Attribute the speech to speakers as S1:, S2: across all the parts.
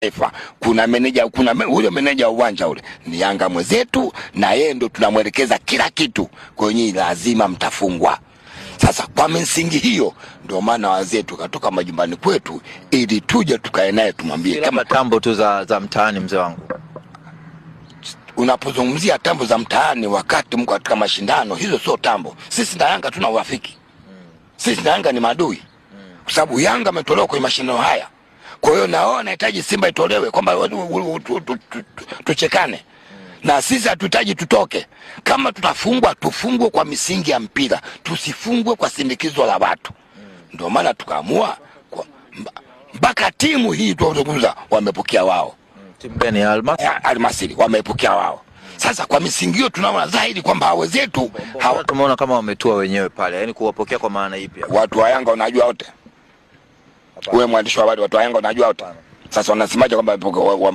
S1: taifa kuna meneja, kuna huyo meneja wa uwanja ule ni Yanga mwenzetu, na yeye ndo tunamwelekeza kila kitu. Kwa hiyo nyinyi lazima mtafungwa. Sasa kwa misingi hiyo, ndio maana wazee tukatoka majumbani kwetu ili tuja tukae naye tumwambie,
S2: kama tambo tu za, za mtaani. Mzee wangu,
S1: unapozungumzia tambo za mtaani wakati mko katika mashindano, hizo sio tambo. Sisi na Yanga tuna urafiki, mm. sisi na Yanga ni maadui, mm. kwa sababu Yanga ametolewa kwenye mashindano haya kwa hiyo na wao wanahitaji Simba itolewe, kwamba tuchekane na sisi hatuhitaji tutoke. Kama tutafungwa tufungwe kwa misingi ya mpira, tusifungwe kwa sindikizo la watu. Ndio maana tukaamua mpaka timu hii tunaozungumza wamepokea wao, mm, timu gani Almasiri wamepokea wao. Sasa kwa misingi hiyo tunaona dhahiri kwamba wenzetu hawa, tumeona kama wametua wenyewe pale, yani kuwapokea kwa maana ipi? Watu wa Yanga wanajua wote wewe mwandishi wa habari, watu wa Yanga unajua wote. Sasa wanasemaje kwamba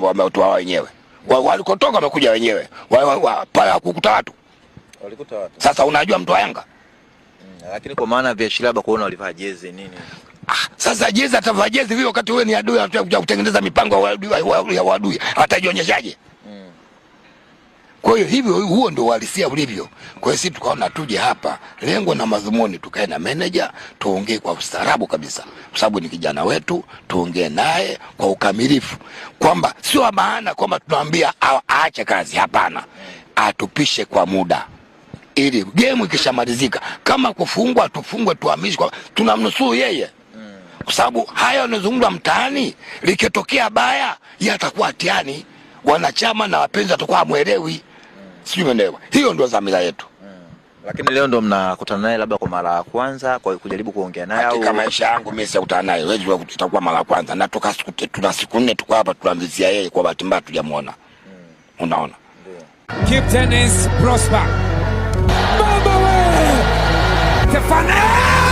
S1: wametoa wenyewe? Walikotoka wamekuja wenyewe, wa, wa, pale hakukuta watu, walikuta watu. Sasa unajua mtu wa Yanga mm, lakini kwa maana vya labda kuona walivaa jezi nini Ah, sasa jezi atavaa jezi vile wakati wewe ni adui anakuja kutengeneza mipango ya adui wadui, hatajionyeshaje? Kwa hiyo hivyo, huo ndio uhalisia ulivyo. Kwa hiyo sisi tukaona tuje hapa, lengo na madhumuni, tukae na meneja tuongee kwa ustaarabu kabisa, kwa sababu ni kijana wetu, tuongee naye kwa ukamilifu, kwamba sio maana kwamba tunaambia aache kazi, hapana, atupishe kwa muda ili gemu ikishamalizika, kama kufungwa tufungwe, tuhamishwe, tunamnusuru yeye kwa sababu haya yanazungumzwa mtaani, likitokea baya yatakuwa tiani, wanachama na wapenzi watakuwa hamwelewi sijui umeelewa. Hiyo ndio dhamira yetu. Hmm. Lakini leo ndo mnakutana naye labda kwa mara ya kwanza kwa kujaribu kuongea naye au kama maisha yangu mimi sijakutana naye. Wewe ndio tutakuwa mara ya kwanza na toka siku tuna siku nne tuko hapa tunaanzia yeye kwa bahati mbaya tujamuona. Mm. Unaona? Ndio. Keep tennis prosper. Baba we! Stefano!